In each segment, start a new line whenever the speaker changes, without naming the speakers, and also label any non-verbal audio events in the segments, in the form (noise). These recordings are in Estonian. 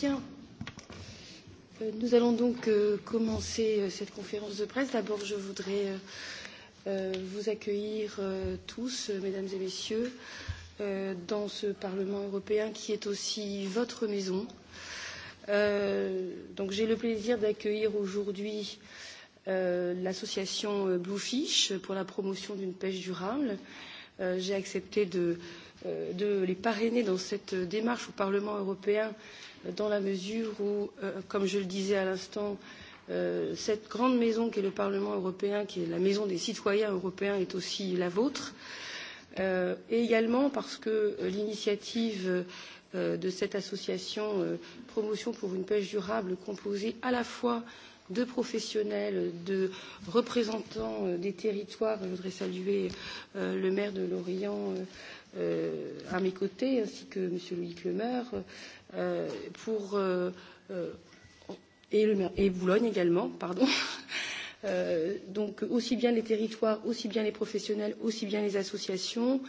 Bien. Euh, nous allons donc euh, commencer euh, cette conférence de presse. D'abord, je voudrais vous accueillir tous, mesdames et messieurs, dans ce Parlement européen qui est aussi votre maison. Donc, j'ai le plaisir d'accueillir aujourd'hui l'association Bluefish pour la promotion d'une pêche durable. J'ai accepté de euh, de les parrainer dans cette démarche au Parlement européen, euh, dans la mesure où, euh, comme je le disais à l'instant, euh, cette grande maison qu'est le Parlement européen, qui est la maison des citoyens européens, est aussi la vôtre. Euh, et également parce que euh, l'initiative euh, de cette association euh, Promotion pour une pêche durable, composée à la fois de professionnels, de représentants euh, des territoires. Je voudrais saluer euh, le maire de Lorient, euh, euh, à mes côtés, ainsi que M. Loïc Lemaire, euh, pour, euh, euh et, le maire, et Boulogne également, pardon. (laughs) Euh, donc aussi bien les territoires, aussi bien les professionnels, aussi bien les associations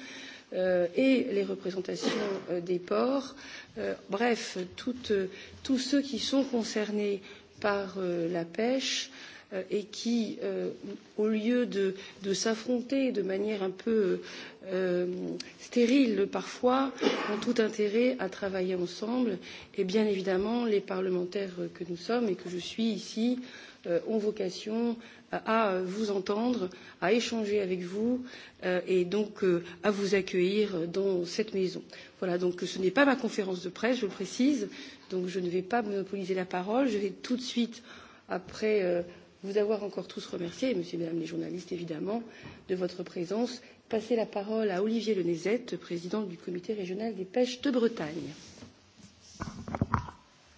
euh, et les représentations euh, des ports, euh, bref, toutes, euh, tous ceux qui sont concernés par euh, la pêche euh, euh, et qui, euh, au lieu de, de s'affronter de manière un peu euh, stérile parfois, ont tout intérêt à travailler ensemble. Et bien évidemment, les parlementaires que nous sommes et que je suis ici euh, ont vocation à, à vous entendre, à échanger avec vous euh, et donc euh, à vous accueillir dans cette maison. Voilà, donc ce n'est pas ma conférence de presse, je le précise, donc je ne vais pas monopoliser la parole. Je vais tout de suite, après. Euh, vous avoir encore tous remercié, monsieur et madame les journalistes évidemment, de votre présence. Passer la parole à Olivier Lenezette, président du comité régional des pêches de Bretagne.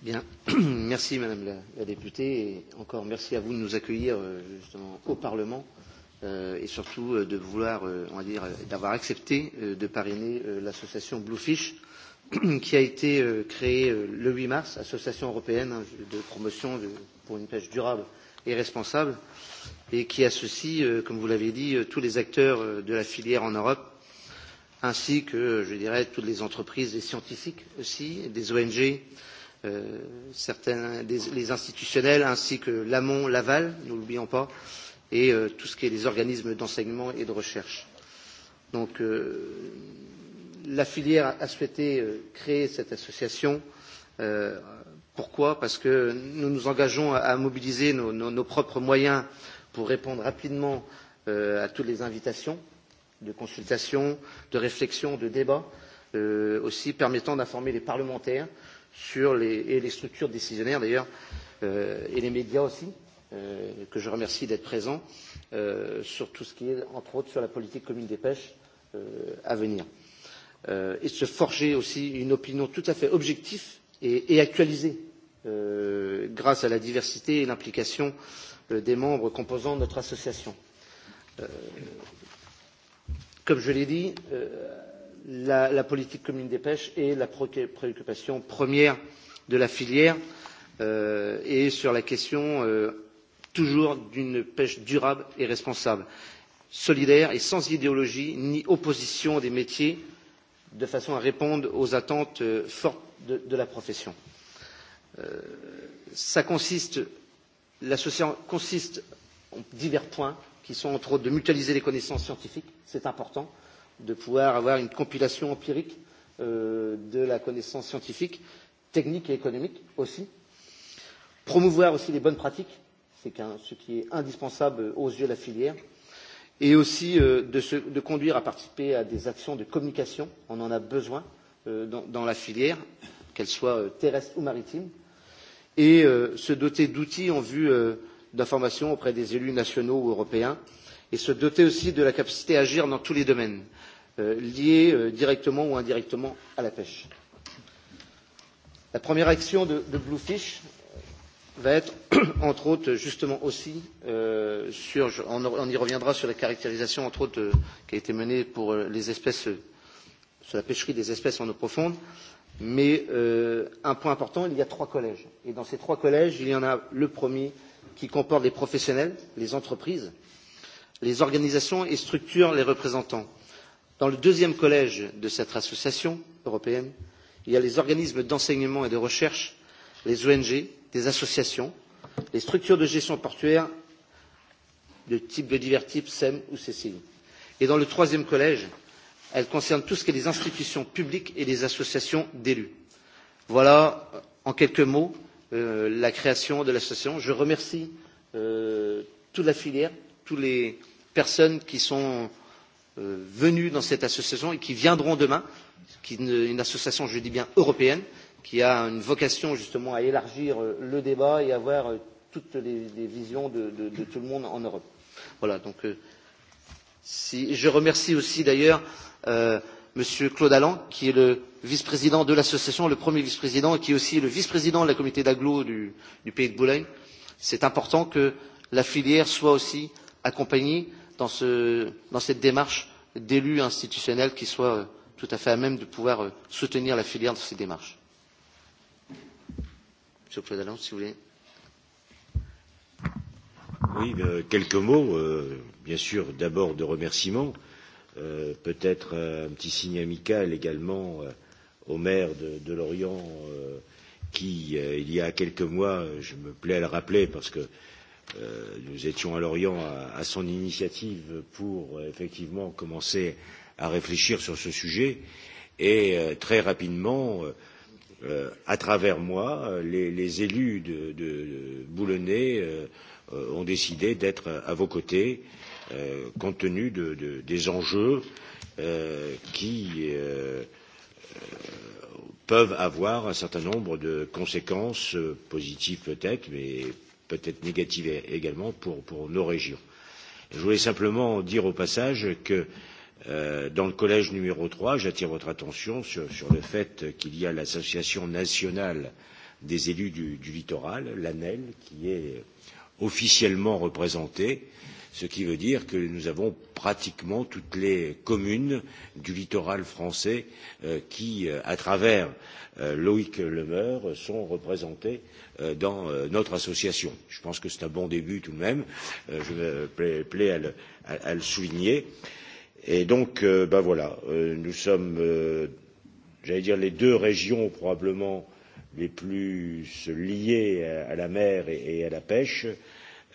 Bien, (clears throat) merci madame la, la députée et encore merci à vous de nous accueillir euh, justement au Parlement euh, et surtout euh, de vouloir, euh, on va dire, euh, d'avoir accepté euh, de parrainer euh, l'association Bluefish (clears throat) qui a été euh, créée euh, le 8 mars, association européenne hein, de promotion de, pour une pêche durable euh, et responsable et qui associe, euh, comme vous l'avez dit, euh, tous les acteurs euh, de la filière en Europe, ainsi que, je dirais, toutes les entreprises, les scientifiques aussi, des ONG, euh, certaines, des, les institutionnels, ainsi que l'amont, l'aval, nous l'oublions pas, et euh, tout ce qui est les organismes d'enseignement et de recherche. Donc, euh, la filière a souhaité euh, créer cette association euh, Pourquoi Parce que nous nous engageons à, à mobiliser nos, nos, nos propres moyens pour répondre rapidement euh, à toutes les invitations de consultation, de réflexion, de débat, euh, aussi permettant d'informer les parlementaires sur les, et les structures décisionnaires d'ailleurs, euh, et les médias aussi, euh, que je remercie d'être présents, euh, sur tout ce qui est, entre autres, sur la politique commune des pêches euh, à venir. Euh, et se forger aussi une opinion tout à fait objective et, et actualisée euh, grâce à la diversité et l'implication euh, des membres composant notre association. Euh, comme je l'ai dit, euh, la, la politique commune des pêches est la pré préoccupation première de la filière euh, et sur la question euh, toujours d'une pêche durable et responsable, solidaire et sans idéologie ni opposition des métiers de façon à répondre aux attentes euh, fortes de, de la profession. Euh, ça consiste, l'association consiste en divers points qui sont entre autres de mutualiser les connaissances scientifiques, c'est important, de pouvoir avoir une compilation empirique euh, de la connaissance scientifique, technique et économique aussi. Promouvoir aussi les bonnes pratiques, c'est ce qui est indispensable aux yeux de la filière. Euh, et aussi euh, de, se, de conduire à participer à des actions de communication. On en a besoin euh, dans, dans la filière, qu'elle soit euh, terrestre ou maritime, et euh, se doter d'outils en vue euh, d'information auprès des élus nationaux ou européens, et se doter aussi de la capacité à agir dans tous les domaines euh, liés euh, directement ou indirectement à la pêche. La première action de, de Bluefish va être, (clears throat) entre autres, justement aussi, euh, sur, je, on, on y reviendra sur la caractérisation, entre autres, euh, qui a été menée pour euh, les espèces, euh, sur la pêcherie des espèces en eau profonde. Mais euh, un point important, il y a trois collèges. Et dans ces trois collèges, il y en a le premier qui comporte les professionnels, les entreprises, les organisations et structure les représentants. Dans le deuxième collège de cette association européenne, il y a les organismes d'enseignement et de recherche, les ONG, des associations, les structures de gestion portuaire de, type, de divers types, SEM ou CCI. Et dans le troisième collège, elle concerne tout ce qui est les institutions publiques et les associations d'élus. Voilà, en quelques mots, euh, la création de l'association. Je remercie euh, toute la filière, toutes les personnes qui sont euh, venues dans cette association et qui viendront demain, qui est une, une association, je dis bien, européenne, qui a une vocation justement à élargir euh, le débat et à avoir euh, toutes les, les visions de, de, de tout le monde en Europe. Voilà, donc euh, si, je remercie aussi d'ailleurs euh, Monsieur Claude Allan, qui est le vice-président de l'association, le premier vice-président, et qui est aussi le vice-président de la comité d'agglo du, du pays de Boulogne. C'est important que la filière soit aussi accompagnée dans, ce, dans cette démarche d'élus institutionnels qui soient euh, tout à fait à même de pouvoir euh, soutenir la filière dans ces démarches. Monsieur Président, si vous voulez.
Oui, euh, quelques mots. Euh, bien sûr, d'abord de remerciements. Euh, Peut-être euh, un petit signe amical également euh, au maire de, de Lorient, euh, qui, euh, il y a quelques mois, je me plais à le rappeler parce que euh, nous étions à Lorient à, à son initiative pour euh, effectivement commencer à réfléchir sur ce sujet. Et euh, très rapidement, euh, euh, à travers moi, euh, les, les élus de, de, de Boulonnais euh, euh, ont décidé d'être à vos côtés, euh, compte tenu de, de, des enjeux euh, qui euh, peuvent avoir un certain nombre de conséquences euh, positives peut-être, mais peut-être négatives également pour, pour nos régions. Je voulais simplement dire au passage que euh, Euh, dans le collège numéro 3, j'attire votre attention sur, sur le fait qu'il y a l'Association nationale des élus du, du littoral, l'ANEL, qui est officiellement représentée, ce qui veut dire que nous avons pratiquement toutes les communes du littoral français euh, qui, euh, à travers euh, Loïc Lemeur, sont représentées euh, dans euh, notre association. Je pense que c'est un bon début tout de même, euh, je me euh, plais, plais à, le, à, à le souligner. Euh, Et donc, euh, ben voilà, euh, nous sommes, euh, j'allais dire, les deux régions probablement les plus liées à, à la mer et, et à la pêche.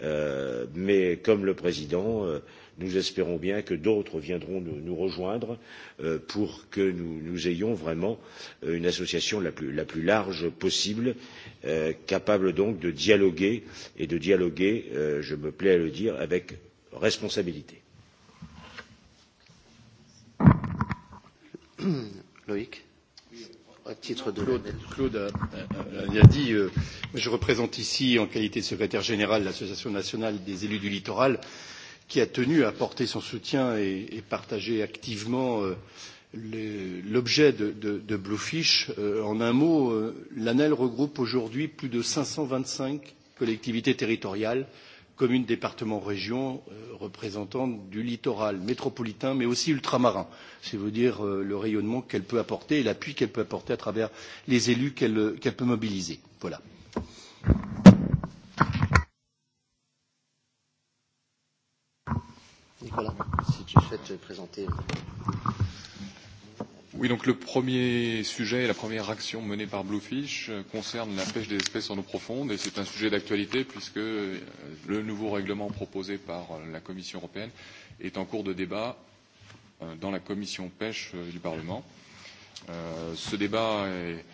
Euh, mais comme le président, euh, nous espérons bien que d'autres viendront nous, nous rejoindre euh, pour que nous, nous ayons vraiment euh, une association la plus, la plus large possible, euh, capable donc de dialoguer et de dialoguer, euh, je me plais à le dire, avec responsabilité. (clears throat) Loïc à
titre de Claude, e Claude a, a, a, a dit, euh, je représente ici en qualité de secrétaire général l'Association nationale des élus du littoral, qui a tenu à porter son soutien et, et partager activement euh, l'objet de, de, de Bluefish. Euh, en un mot, euh, l'ANEL regroupe aujourd'hui plus de 525 collectivités territoriales euh, communes, départements, régions euh, représentant du littoral métropolitain, mais aussi ultramarin. C'est vous dire euh, le rayonnement qu'elle peut apporter et l'appui qu'elle peut apporter à travers les élus qu'elle euh, qu peut mobiliser. Voilà.
Nicolas, si tu souhaites présenter. Oui, donc le premier sujet, la première action menée par Bluefish euh, concerne la pêche des espèces en eau profonde et c'est un sujet d'actualité puisque euh, le nouveau règlement proposé par euh, la Commission européenne est en cours de débat dans la Commission pêche du Parlement. Ce débat est,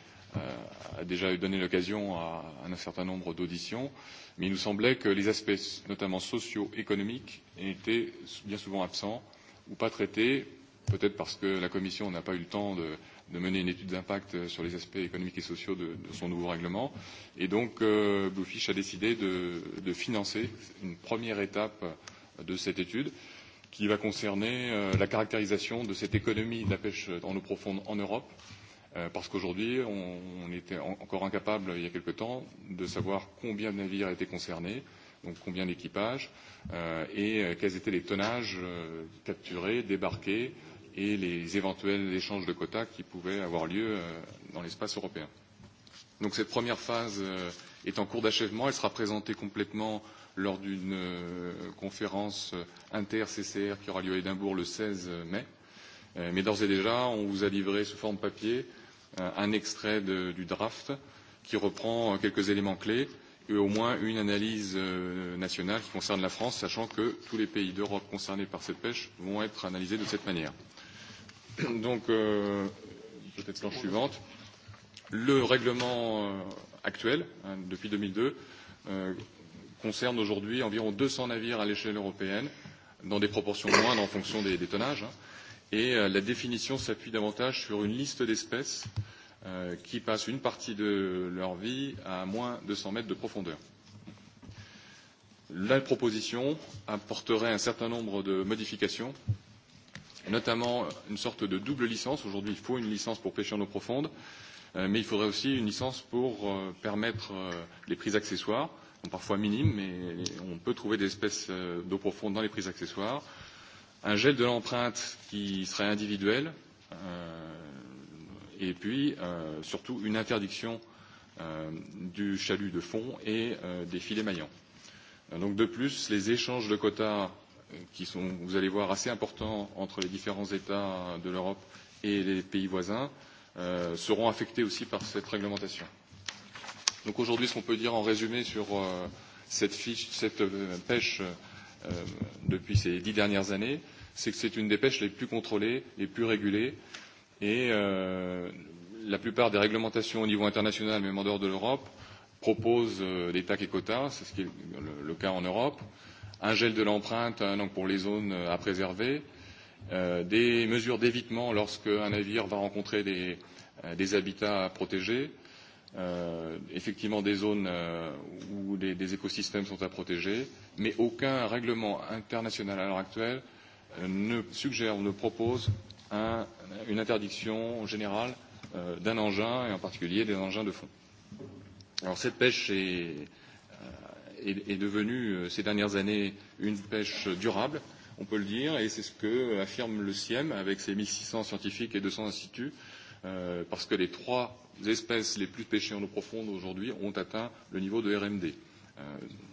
a déjà donné l'occasion à un certain nombre d'auditions, mais il nous semblait que les aspects, notamment sociaux, économiques, étaient bien souvent absents ou pas traités peut-être parce que la Commission n'a pas eu le temps de, de mener une étude d'impact sur les aspects économiques et sociaux de, de son nouveau règlement. Et donc, euh, Bluefish a décidé de, de financer une première étape de cette étude qui va concerner euh, la caractérisation de cette économie de la pêche en eau profonde en Europe, euh, parce qu'aujourd'hui, on, on était en, encore incapable, il y a quelque temps, de savoir combien de navires étaient concernés, donc combien d'équipages, euh, et euh, quels étaient les tonnages euh, capturés, débarqués, euh, et les éventuels échanges de quotas qui pouvaient avoir lieu euh, dans l'espace européen. Donc cette première phase euh, est en cours d'achèvement. Elle sera présentée complètement lors d'une euh, conférence inter-CCR qui aura lieu à Édimbourg le 16 mai. Mais d'ores et déjà, on vous a livré sous forme papier un extrait de, du draft qui reprend quelques éléments clés et au moins une analyse nationale qui concerne la France, sachant que tous les pays d'Europe concernés par cette pêche vont être analysés de cette manière. (coughs) Donc, euh, peut-être l'an suivante, le règlement euh, actuel, hein, depuis 2002, euh, concerne aujourd'hui environ 200 navires à l'échelle européenne, dans des proportions moindres en fonction des, des tonnages. Hein, et euh, la définition s'appuie davantage sur une liste d'espèces euh, qui passent une partie de leur vie à moins de 100 mètres de profondeur. La proposition apporterait un certain nombre de modifications euh, notamment une sorte de double licence. Aujourd'hui, il faut une licence pour pêcher en eau profonde, euh, mais il faudrait aussi une licence pour euh, permettre euh, les prises accessoires, donc parfois minimes, mais on peut trouver des espèces euh, d'eau profonde dans les prises accessoires. Un gel de l'empreinte qui serait individuel, euh, et puis euh, surtout une interdiction euh, du chalut de fond et euh, des filets maillants. Euh, donc de plus, les échanges de quotas qui sont, vous allez voir, assez importants entre les différents États de l'Europe et les pays voisins, euh, seront affectés aussi par cette réglementation. Donc aujourd'hui, ce qu'on peut dire en résumé sur euh, cette, fiche, cette euh, pêche euh, depuis ces dix dernières années, c'est que c'est une des pêches les plus contrôlées, les plus régulées, et euh, la plupart des réglementations au niveau international, même en dehors de l'Europe, proposent euh, des tacs et quotas, c'est ce qui est le, le cas en Europe. Euh, un gel de l'empreinte hein, donc pour les zones euh, à préserver, euh, des mesures d'évitement lorsqu'un navire va rencontrer des, euh, des habitats à protéger, euh, effectivement des zones euh, où les, des écosystèmes sont à protéger, mais aucun règlement international à l'heure actuelle euh, ne suggère ou ne propose un, une interdiction générale euh, d'un engin, et en particulier des engins de fond. Alors cette pêche est, est, est devenue euh, ces dernières années une pêche durable, on peut le dire, et c'est ce que affirme le CIEM avec ses 1600 scientifiques et 200 instituts, euh, parce que les trois espèces les plus pêchées en eau profonde aujourd'hui ont atteint le niveau de RMD. Euh,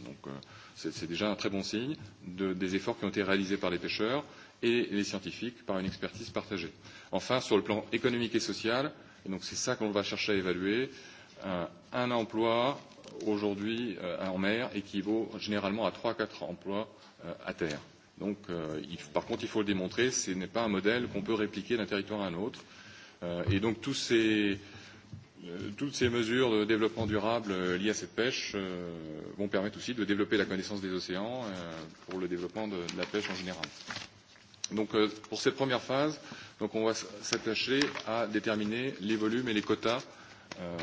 donc euh, c'est déjà un très bon signe de, des efforts qui ont été réalisés par les pêcheurs et les scientifiques par une expertise partagée. Enfin, sur le plan économique et social, et donc c'est ça qu'on va chercher à évaluer, euh, un emploi aujourd'hui euh, en mer équivaut généralement à 3 à 4 emplois euh, à terre. Donc, euh, il, par contre, il faut le démontrer, ce n'est pas un modèle qu'on peut répliquer d'un territoire à un autre. Euh, et donc, tous ces, euh, toutes ces mesures de développement durable euh, liées à cette pêche euh, vont permettre aussi de développer la connaissance des océans euh, pour le développement de, de la pêche en général. Donc, euh, pour cette première phase, donc on va s'attacher à déterminer les volumes et les quotas euh, euh,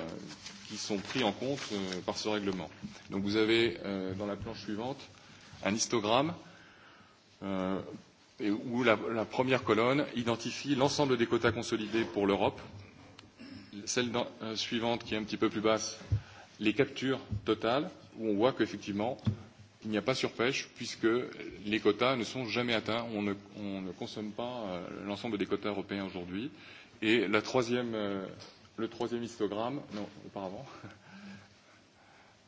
qui sont pris en compte euh, par ce règlement. Donc vous avez euh, dans la planche suivante un histogramme euh, et où la, la première colonne identifie l'ensemble des quotas consolidés pour l'Europe. Celle dans, euh, suivante, qui est un petit peu plus basse, les captures totales, où on voit qu'effectivement, il n'y a pas surpêche, puisque les quotas ne sont jamais atteints. On ne, on ne consomme pas euh, l'ensemble des quotas européens aujourd'hui. Et la troisième euh, le troisième histogramme, non, auparavant,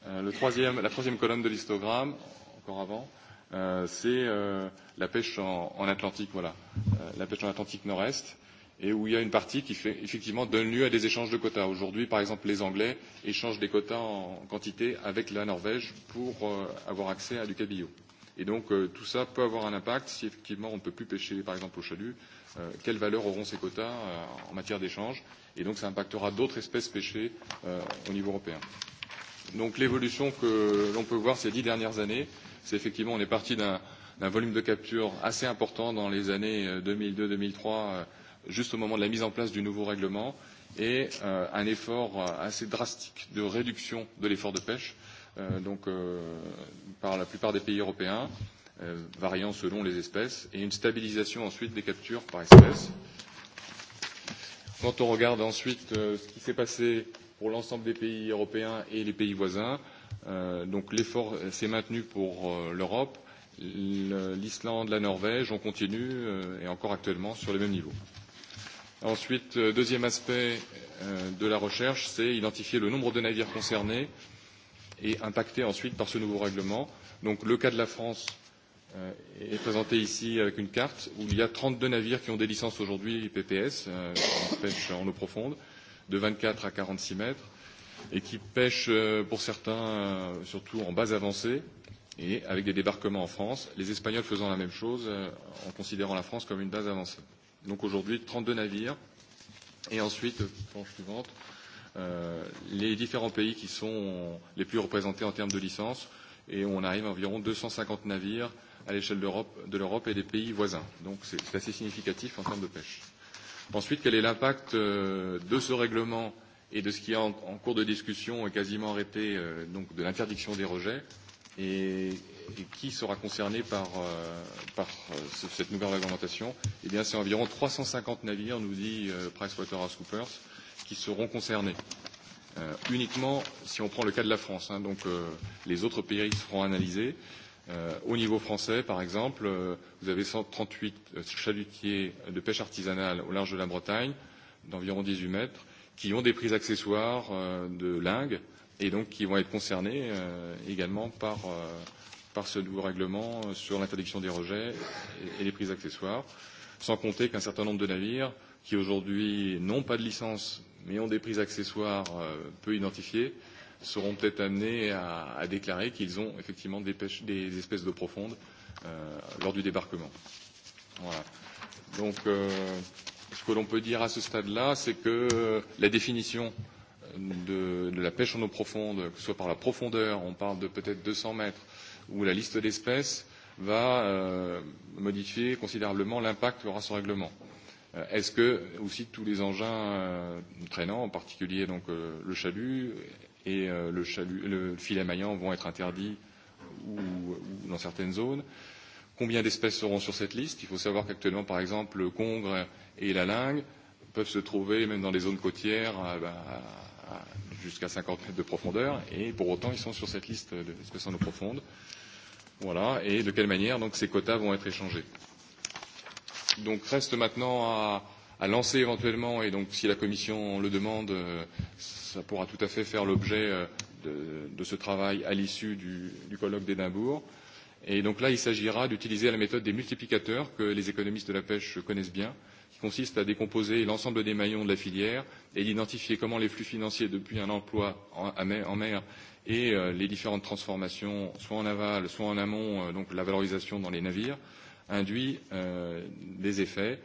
euh, le troisième, la troisième colonne de l'histogramme, encore avant, euh, c'est euh, la pêche en, en Atlantique, voilà, euh, la pêche en Atlantique Nord-Est, et où il y a une partie qui fait, effectivement donne lieu à des échanges de quotas. Aujourd'hui, par exemple, les Anglais échangent des quotas en quantité avec la Norvège pour euh, avoir accès à du cabillaud. Et donc euh, tout ça peut avoir un impact. Si effectivement on ne peut plus pêcher, par exemple, au chalut, euh, quelle valeur auront ces quotas euh, en matière d'échange Et donc ça impactera d'autres espèces pêchées euh, au niveau européen. Donc l'évolution que l'on peut voir ces dix dernières années, c'est effectivement on est parti d'un volume de capture assez important dans les années 2002-2003, euh, euh, juste au moment de la mise en place du nouveau règlement, et euh, un effort euh, assez drastique de réduction de l'effort de pêche. Euh, euh, donc, euh, par la plupart des pays européens, euh, variant selon les espèces, et une stabilisation ensuite des captures par espèce. Quand on regarde ensuite euh, ce qui s'est passé pour l'ensemble des pays européens et les pays voisins, euh, donc l'effort s'est maintenu pour euh, l'Europe, l'Islande, la Norvège, on continue euh, et encore actuellement sur les mêmes niveaux. Ensuite, euh, deuxième aspect euh, de la recherche, c'est identifier le nombre de navires concernés euh, et impactées ensuite par ce nouveau règlement. Donc le cas de la France euh, est présenté ici avec une carte où il y a 32 navires qui ont des licences aujourd'hui IPPS, euh, qui pêchent en eau profonde, de 24 à 46 mètres, et qui pêchent euh, pour certains euh, surtout en base avancée et avec des débarquements en France, les Espagnols faisant la même chose euh, en considérant la France comme une base avancée. Donc aujourd'hui, 32 navires. Et ensuite, planche euh, suivante, euh, euh, les différents pays qui sont les plus représentés en termes de licences et on arrive à environ 250 navires à l'échelle de l'Europe et des pays voisins. Donc c'est assez significatif en termes de pêche. Ensuite, quel est l'impact euh, de ce règlement et de ce qui est en, en cours de discussion quasiment arrêté, euh, donc de l'interdiction des rejets et, et qui sera concerné par, euh, par euh, cette nouvelle réglementation Eh bien, c'est environ 350 navires, nous dit euh, PricewaterhouseCoopers, euh, qui seront concernés. Euh, uniquement si on prend le cas de la France, hein, donc euh, les autres pays seront analysés. Euh, au niveau français, par exemple, euh, vous avez 138 euh, chalutiers de pêche artisanale au large de la Bretagne, d'environ 18 mètres, qui ont des prises accessoires euh, de lingues et donc qui vont être concernés euh, également par, euh, par ce nouveau règlement euh, sur l'interdiction des rejets et, et les prises accessoires, sans compter qu'un certain nombre de navires qui aujourd'hui n'ont pas de licence mais ont des prises accessoires euh, peu identifiées seront peut-être amenés à, à déclarer qu'ils ont effectivement des, pêches, des espèces d'eau profonde euh, lors du débarquement. Voilà. Donc, euh, ce que l'on peut dire à ce stade-là, c'est que euh, la définition de, de la pêche en eau profonde, que ce soit par la profondeur, on parle de peut-être 200 mètres, ou la liste d'espèces, va euh, modifier considérablement l'impact qu'aura ce règlement. Euh, Euh, Est-ce que aussi tous les engins euh, traînants, en particulier donc euh, le chalut et euh, le, chalut, le filet maillant, vont être interdits ou, ou dans certaines zones Combien d'espèces seront sur cette liste Il faut savoir qu'actuellement, par exemple, le congre et la lingue peuvent se trouver même dans les zones côtières euh, bah, jusqu'à 50 mètres de profondeur, et pour autant, ils sont sur cette liste d'espèces en eau profonde. Voilà, et de quelle manière donc ces quotas vont être échangés Donc reste maintenant à, à lancer éventuellement, et donc si la Commission le demande, euh, ça pourra tout à fait faire l'objet euh, de, de ce travail à l'issue du, du colloque d'Édimbourg. Et donc là, il s'agira d'utiliser la méthode des multiplicateurs que les économistes de la pêche connaissent bien, qui consiste à décomposer l'ensemble des maillons de la filière et d'identifier comment les flux financiers depuis un emploi en, en mer et euh, les différentes transformations, soit en aval, soit en amont, euh, donc la valorisation dans les navires, euh, induit euh, des effets.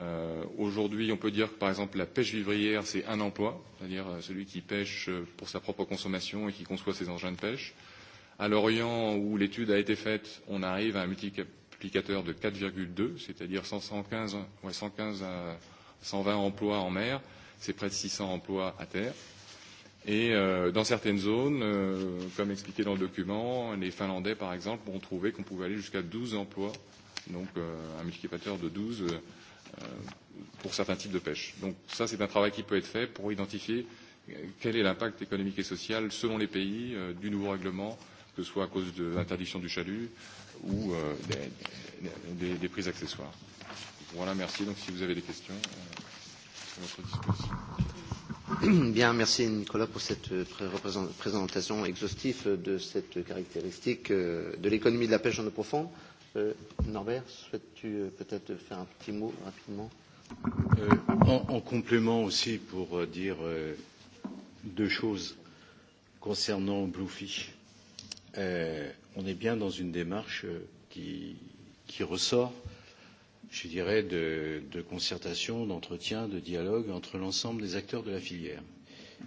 Euh, Aujourd'hui, on peut dire que par exemple la pêche vivrière, c'est un emploi, c'est-à-dire euh, celui qui pêche euh, pour sa propre consommation et qui conçoit ses engins de pêche. À l'Orient, où l'étude a été faite, on arrive à un multiplicateur de 4,2, c'est-à-dire 115, ouais, 115 à 120 emplois en mer, c'est près de 600 emplois à terre. Et euh, dans certaines zones, euh, comme expliqué dans le document, les Finlandais, par exemple, ont trouvé qu'on pouvait aller jusqu'à 12 emplois donc euh, un multiplicateur de 12 euh, euh, pour certains types de pêche. Donc ça, c'est un travail qui peut être fait pour identifier euh, quel est l'impact économique et social selon les pays euh, du nouveau règlement, que ce soit à cause de l'interdiction du chalut ou euh, des, des, des prises accessoires. Voilà, merci. Donc si vous avez des questions, euh, à votre disposition.
(coughs) Bien, merci Nicolas pour cette euh, présentation exhaustive de cette caractéristique de l'économie de la pêche en eau profonde. Euh, Norbert, souhaites-tu euh, peut-être faire un petit mot rapidement euh, en, en complément aussi pour euh, dire euh,
deux choses concernant Bluefish. Euh, on est bien dans une démarche euh, qui, qui ressort, je dirais, de, de concertation, d'entretien, de dialogue entre l'ensemble des acteurs de la filière.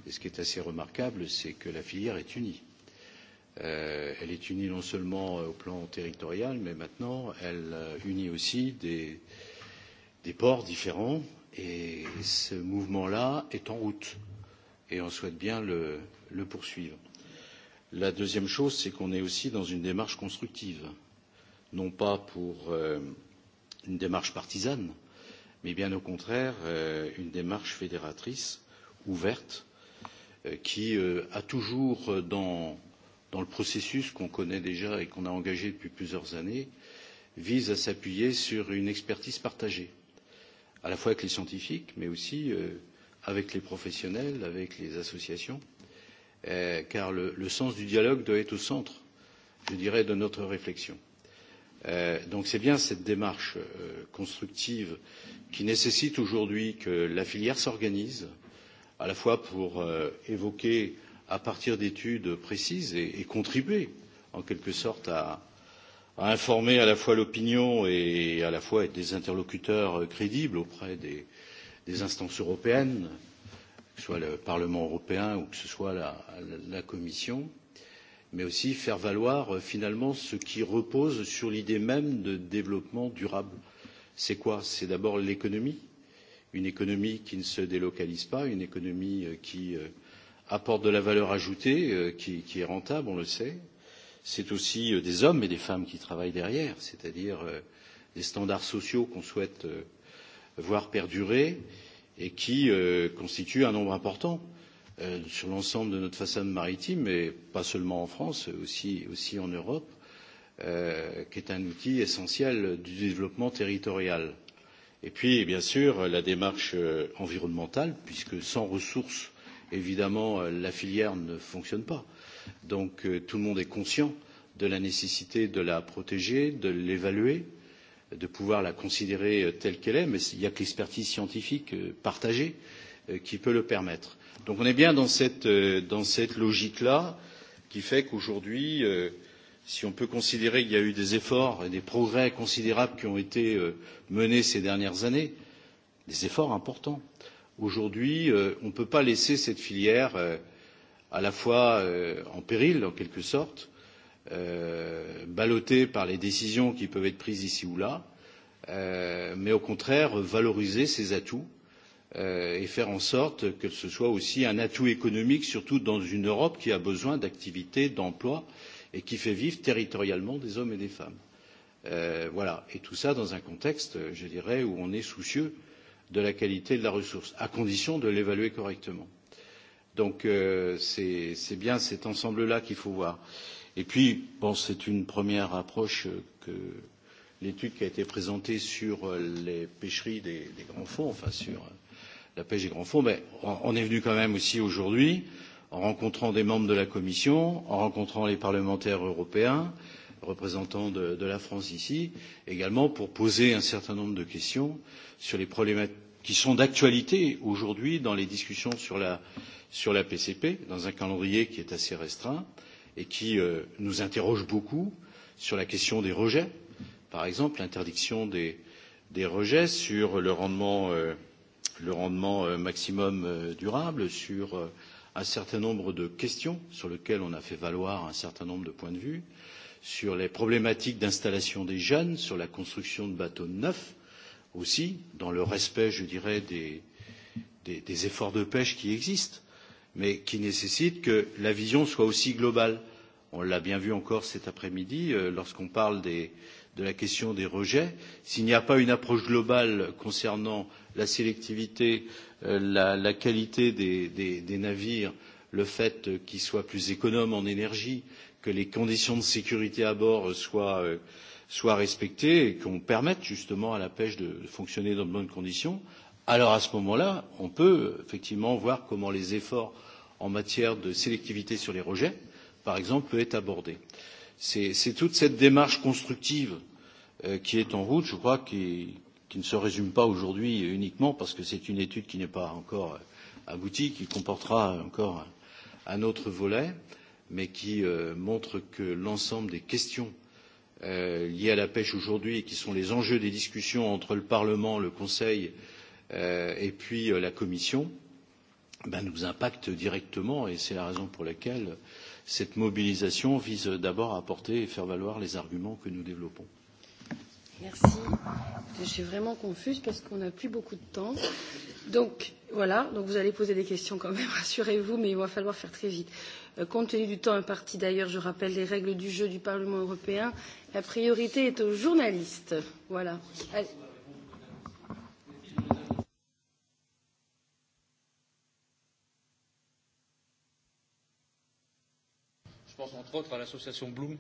Et ce qui est assez remarquable, c'est que la filière est unie Euh, elle est unie non seulement euh, au plan territorial, mais maintenant elle euh, unit aussi des, des ports différents. Et ce mouvement-là est en route et on souhaite bien le, le poursuivre. La deuxième chose, c'est qu'on est aussi dans une démarche constructive, non pas pour euh, une démarche partisane, mais bien au contraire euh, une démarche fédératrice, ouverte, euh, qui euh, a toujours euh, dans dans le processus qu'on connaît déjà et qu'on a engagé depuis plusieurs années, vise à s'appuyer sur une expertise partagée, à la fois avec les scientifiques, mais aussi euh, avec les professionnels, avec les associations, euh, car le, le sens du dialogue doit être au centre, je dirais, de notre réflexion. Euh, donc c'est bien cette démarche euh, constructive qui nécessite aujourd'hui que la filière s'organise, à la fois pour euh, évoquer euh, à partir d'études précises et, et contribuer en quelque sorte à, à informer à la fois l'opinion et à la fois être des interlocuteurs crédibles auprès des, des instances européennes, que ce soit le Parlement européen ou que ce soit la, la Commission, mais aussi faire valoir euh, finalement ce qui repose sur l'idée même de développement durable. C'est quoi C'est d'abord l'économie, une économie qui ne se délocalise pas, une économie euh, qui euh, apportent de la valeur ajoutée euh, qui, qui est rentable, on le sait. C'est aussi euh, des hommes et des femmes qui travaillent derrière, c'est-à-dire euh, des standards sociaux qu'on souhaite euh, voir perdurer et qui euh, constituent un nombre important euh, sur l'ensemble de notre façade maritime, et pas seulement en France, aussi, aussi en Europe, euh, qui est un outil essentiel du développement territorial. Et puis, bien sûr, la démarche euh, environnementale, puisque sans ressources évidemment, euh, la filière ne fonctionne pas. Donc euh, tout le monde est conscient de la nécessité de la protéger, de l'évaluer, de pouvoir la considérer euh, telle qu'elle est, mais il n'y a que l'expertise scientifique euh, partagée qui peut le permettre. Donc on est bien dans cette, dans cette logique-là qui fait qu'aujourd'hui, si on peut considérer qu'il y a eu des efforts et des progrès considérables qui ont été menés ces dernières années, des efforts importants, Aujourd'hui, euh, on ne peut pas laisser cette filière euh, à la fois euh, en péril, en quelque sorte, euh, ballottée par les décisions qui peuvent être prises ici ou là, euh, mais au contraire valoriser ses atouts euh, et faire en sorte que ce soit aussi un atout économique, surtout dans une Europe qui a besoin d'activités, d'emplois et qui fait vivre territorialement des hommes et des femmes. Euh, voilà, et tout ça dans un contexte, je dirais, où on est soucieux euh, de la qualité de la ressource, à condition de l'évaluer correctement. Donc euh, c'est bien cet ensemble-là qu'il faut voir. Et puis, bon, c'est une première approche euh, que l'étude qui a été présentée sur euh, les pêcheries des, des grands fonds, enfin sur euh, la pêche des grands fonds, mais on est venu quand même aussi aujourd'hui en rencontrant des membres de la Commission, en rencontrant les parlementaires européens, euh, représentant de, de la France ici, également pour poser un certain nombre de questions sur les problématiques qui sont d'actualité aujourd'hui dans les discussions sur la, sur la PCP, dans un calendrier qui est assez restreint et qui euh, nous interroge beaucoup sur la question des rejets, par exemple l'interdiction des, des rejets sur le rendement, euh, le rendement euh, maximum euh, durable, sur euh, un certain nombre de questions sur lesquelles on a fait valoir un certain nombre de points de vue. Euh, sur les problématiques d'installation des jeunes, sur la construction de bateaux neufs aussi, dans le respect, je dirais, des, des, des efforts de pêche qui existent, mais qui nécessitent que la vision soit aussi globale. On l'a bien vu encore cet après-midi, euh, lorsqu'on parle des, de la question des rejets. S'il n'y a pas une approche globale concernant la sélectivité, euh, la, la qualité des, des, des navires, le fait qu'ils soient plus économes en énergie, euh, que les conditions de sécurité à bord euh, soient, euh, soient respectées et qu'on permette justement à la pêche de fonctionner dans de bonnes conditions, alors à ce moment-là, on peut euh, effectivement voir comment les efforts en matière de sélectivité sur les rejets, par exemple, peut être abordé. C'est toute cette démarche constructive euh, qui est en route, je crois, qui, qui ne se résume pas aujourd'hui euh, uniquement parce que c'est une étude qui n'est pas encore aboutie, qui comportera encore un autre volet. Euh, mais qui euh, montre que l'ensemble des questions euh, liées à la pêche aujourd'hui, qui sont les enjeux des discussions entre le Parlement, le Conseil euh, et puis euh, la Commission, ben, nous impactent directement et c'est la raison pour laquelle cette mobilisation vise d'abord à apporter et faire valoir les arguments que nous développons.
Merci. Je suis vraiment confuse parce qu'on n'a plus beaucoup de temps. Donc voilà, donc vous allez poser des questions quand même, (laughs) rassurez-vous, mais il va falloir faire très vite. Euh, Euh, compte tenu du temps imparti d'ailleurs, je rappelle les règles du jeu du Parlement européen. La priorité est aux journalistes. Voilà. Allez.
Je pense entre autres à l'association Bloom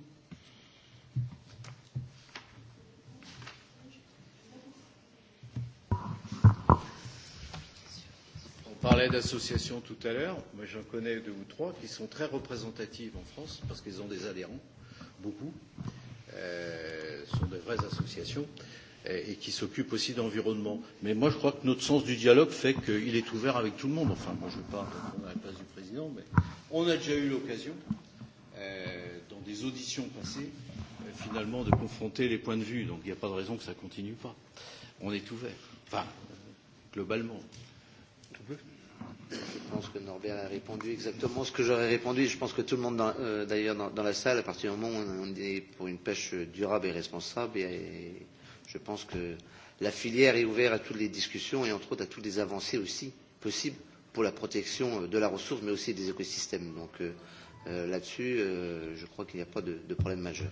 parlait d'associations tout à l'heure. Moi, j'en connais deux ou trois qui sont très représentatives en France parce qu'ils ont des adhérents, beaucoup. Euh, sont de vraies associations et, et qui s'occupent aussi d'environnement. Mais moi, je crois que notre sens du dialogue fait qu'il est ouvert avec tout le monde. Enfin, moi, je parle à la place du président, mais on a déjà eu l'occasion, euh, dans des auditions passées, euh, finalement, de confronter les points de vue. Donc, il n'y a pas de raison que ça continue pas. On est ouvert. Enfin, globalement. Euh,
Je pense que Norbert a répondu exactement ce que j'aurais répondu. Je pense que tout le monde, dans, euh, d'ailleurs, dans, dans la salle, à partir du moment où on est pour une pêche durable et responsable, et, et je pense que la filière est ouverte à toutes les discussions et, entre autres, à toutes les avancées aussi possibles pour la protection euh, de la ressource, mais aussi des écosystèmes. Donc euh, euh, là-dessus, euh, je crois qu'il n'y a pas de, de problème majeur.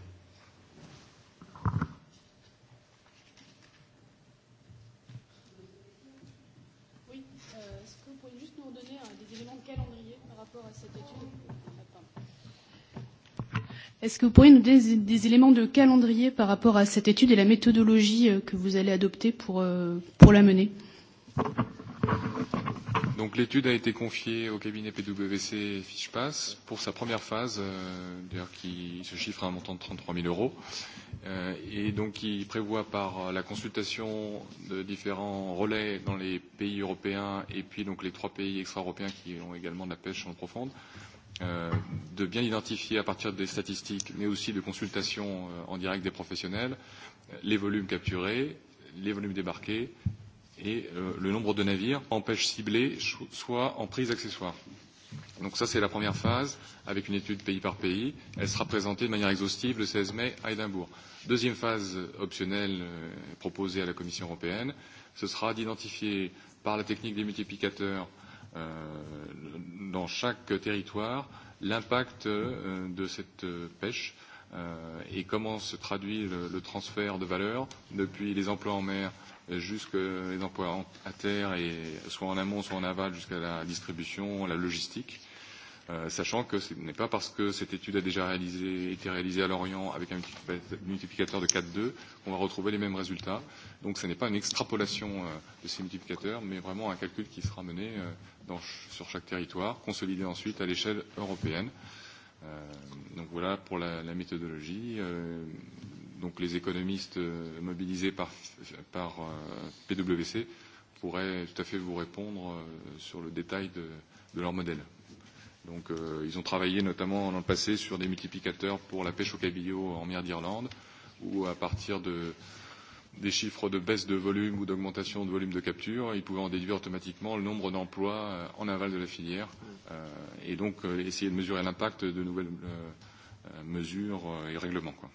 Est-ce que vous pourriez nous donner des, des éléments de calendrier par rapport à cette étude et la méthodologie euh, que vous allez adopter pour, euh, pour la mener
Donc l'étude a été confiée au cabinet PwC Fichepass pour sa première phase, euh, d'ailleurs qui se chiffre à un montant de 33 000 euros, euh, et donc qui prévoit par la consultation de différents relais dans les pays européens et puis donc les trois pays extra-européens qui ont également de la pêche en profonde, euh, euh, de bien identifier à partir des statistiques, mais aussi de consultations euh, en direct des professionnels, les volumes capturés, les volumes débarqués et euh, le nombre de navires en pêche ciblée, soit en prise accessoire. Donc ça, c'est la première phase, avec une étude pays par pays. Elle sera présentée de manière exhaustive le 16 mai à Édimbourg. Deuxième phase euh, optionnelle euh, proposée à la Commission européenne, ce sera d'identifier par la technique des multiplicateurs euh, Euh, dans chaque territoire l'impact euh, de cette euh, pêche et comment se traduit le, le transfert de valeur depuis les emplois en mer jusqu'aux emplois en, à terre et soit en amont soit en aval jusqu'à la distribution, la logistique euh, sachant que ce n'est pas parce que cette étude a déjà réalisé, été réalisée à Lorient avec un multiplicateur de 4,2 qu'on va retrouver les mêmes résultats. Donc ce n'est pas une extrapolation euh, de ces multiplicateurs, mais vraiment un calcul qui sera mené euh, dans, sur chaque territoire, consolidé ensuite à l'échelle européenne. Euh, donc voilà pour la, la méthodologie. Euh, donc les économistes euh, mobilisés par, par euh, PwC pourraient tout à fait vous répondre euh, sur le détail de, de leur modèle. Donc euh, ils ont travaillé notamment l'an passé sur des multiplicateurs pour la pêche au cabillaud en mer d'Irlande, où à partir de, des chiffres de baisse de volume ou d'augmentation de volume de capture, ils pouvaient en déduire automatiquement le nombre d'emplois euh, en aval de la filière, euh, et donc euh, essayer de mesurer l'impact de nouvelles euh, euh mesures euh, et règlements. Quoi.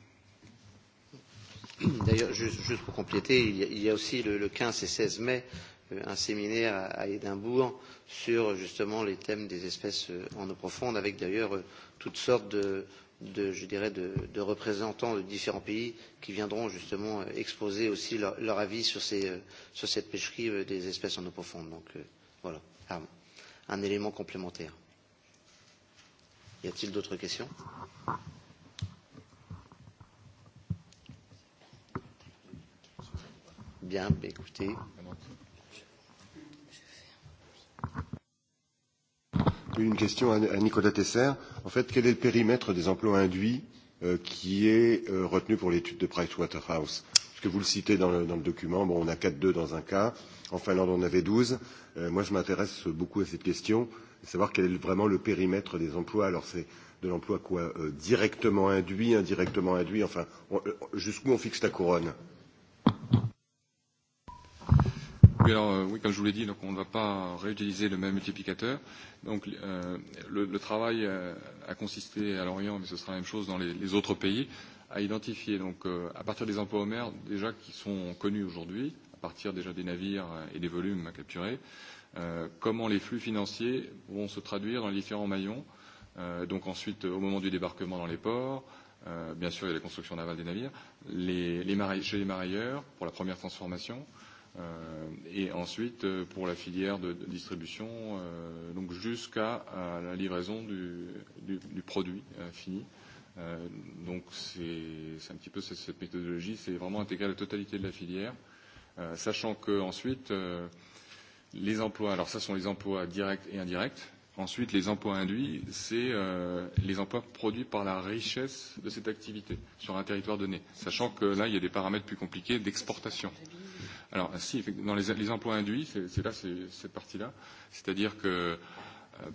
D'ailleurs, juste, juste pour compléter, il y a, il y a aussi le, le 15 et 16 mai un séminaire à, à Édimbourg sur justement les thèmes des espèces euh, en eau profonde, avec d'ailleurs euh, toutes sortes de, de, je dirais, de, de représentants de différents pays qui viendront justement euh, exposer aussi leur, leur avis sur, ces, sur cette pêcherie des espèces en eau profonde. Donc euh, voilà, un, un élément complémentaire. Y a-t-il d'autres questions Bien, écoutez.
une question à, à Nicolas Tesser. En fait, quel est le périmètre des emplois induits euh, qui est euh, retenu pour l'étude de Pricewaterhouse Parce que vous le citez dans le, dans le document, bon, on a 4-2 dans un cas, en Finlande on avait 12. Euh, moi, je m'intéresse beaucoup à cette question, savoir quel est vraiment le périmètre des emplois. Alors, c'est de l'emploi quoi euh, Directement induit, indirectement induit,
enfin, euh, jusqu'où on fixe la couronne euh,
Oui, alors, euh, oui, comme je vous l'ai dit, donc on ne va pas réutiliser le même multiplicateur. Donc, euh, le, le travail euh, a consisté à l'Orient, mais ce sera la même chose dans les, les autres pays, à identifier, donc, euh, à partir des emplois homères déjà qui sont connus aujourd'hui, à partir déjà des navires euh, et des volumes à capturer, euh, comment les flux financiers vont se traduire dans les différents maillons. Euh, donc, ensuite, au moment du débarquement dans les ports, euh, bien sûr, il y a la construction navale des navires, les, les maraî chez les marailleurs pour la première transformation. Euh, Euh, et ensuite, euh, pour la filière de, de distribution, euh, donc jusqu'à la livraison du, du, du produit euh, fini. Euh, donc c'est un petit peu cette, cette méthodologie, c'est vraiment intégrer la totalité de la filière, euh, sachant que ensuite euh, les emplois, alors ça sont les emplois directs et indirects, Ensuite, les emplois induits, c'est euh, les emplois produits par la richesse de cette activité sur un territoire donné, sachant que là, il y a des paramètres plus compliqués d'exportation. Alors, si, dans les, les emplois induits, c'est là, c'est cette partie-là, c'est-à-dire que, euh,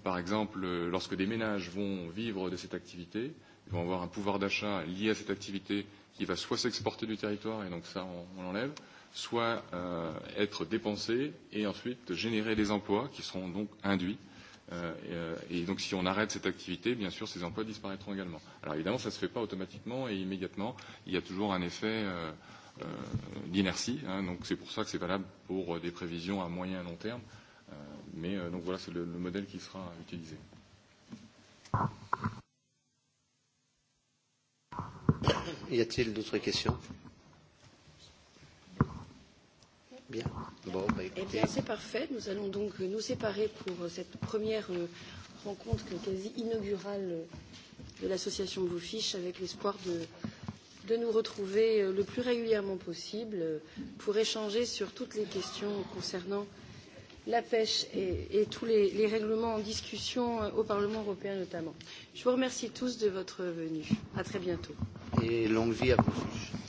par exemple, lorsque des ménages vont vivre de cette activité, ils vont avoir un pouvoir d'achat lié à cette activité qui va soit s'exporter du territoire, et donc ça, on, on l'enlève, soit euh, être dépensé et ensuite générer des emplois qui seront donc induits. Euh, Euh, euh, et donc, si on arrête cette activité, bien sûr, ces emplois disparaîtront également. Alors, évidemment, ça ne se fait pas automatiquement et immédiatement. Il y a toujours un effet euh, euh, d'inertie. Hein, donc, c'est pour ça que c'est valable pour euh, des prévisions à moyen et long terme. Euh, mais euh, donc, voilà, c'est le, le modèle qui sera utilisé.
Y a-t-il d'autres questions Bien. Bon, bah, eh écoutez... Eh bien, c'est
parfait. Nous allons donc euh, nous séparer pour euh, cette première euh, rencontre quasi inaugurale de l'association Bluefish avec l'espoir de, de nous retrouver le plus régulièrement possible pour échanger sur toutes les questions concernant la pêche et, et tous les, les règlements en discussion au Parlement européen notamment. Je vous remercie tous de votre venue. À très bientôt.
Et longue
vie à Bluefish.